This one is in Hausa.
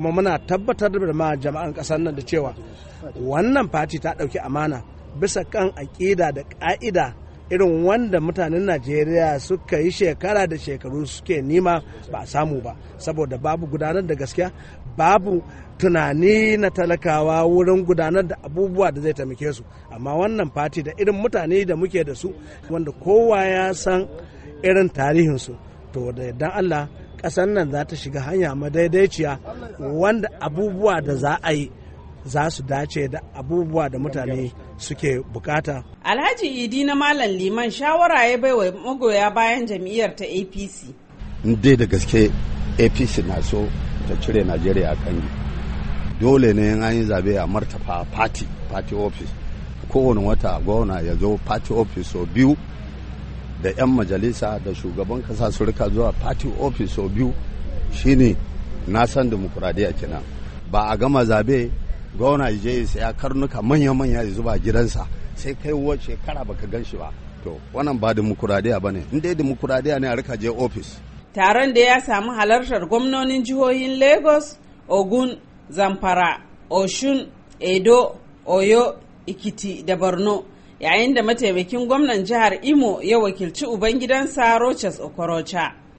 kuma muna tabbatar da ma jama'an ƙasar nan da cewa wannan fati ta ɗauki amana bisa kan aƙida da ƙa'ida irin wanda mutanen najeriya suka yi shekara da shekaru suke nima ba a samu ba saboda babu gudanar da gaskiya babu tunani na talakawa wurin gudanar da abubuwa da zai taimake su amma wannan fati da irin mutane da muke da su wanda kowa ya san irin tarihinsu to da yardan allah ƙasar nan za ta shiga hanya madaidaiciya wanda abubuwa da za a yi za su dace da abubuwa da mutane suke bukata. Alhaji Idi na Malam Liman shawara ya baiwa magoya bayan jam'iyyar ta APC. dai da gaske APC na so ta cire Najeriya a kan dole ne an yi zabe a martafa party party office kowane wata gwamna ya zo party office so biyu da 'yan majalisa da shugaban kasa su rika zuwa party office sau biyu shine na san demokuraɗiyya kenan ba a gama zabe gwamna je ya karnuka manya-manya ya zuba gidansa sai kai wa shekara baka gan shi ba to wannan ba demokuraɗiyya ba ne in dai demokuraɗiyya ne a rika je office taron da ya samu halartar gwamnonin jihohin lagos ogun zamfara oshun edo oyo ikiti da borno yayin da mataimakin gwamnan jihar imo ya wakilci ubangidansa rochas okorocha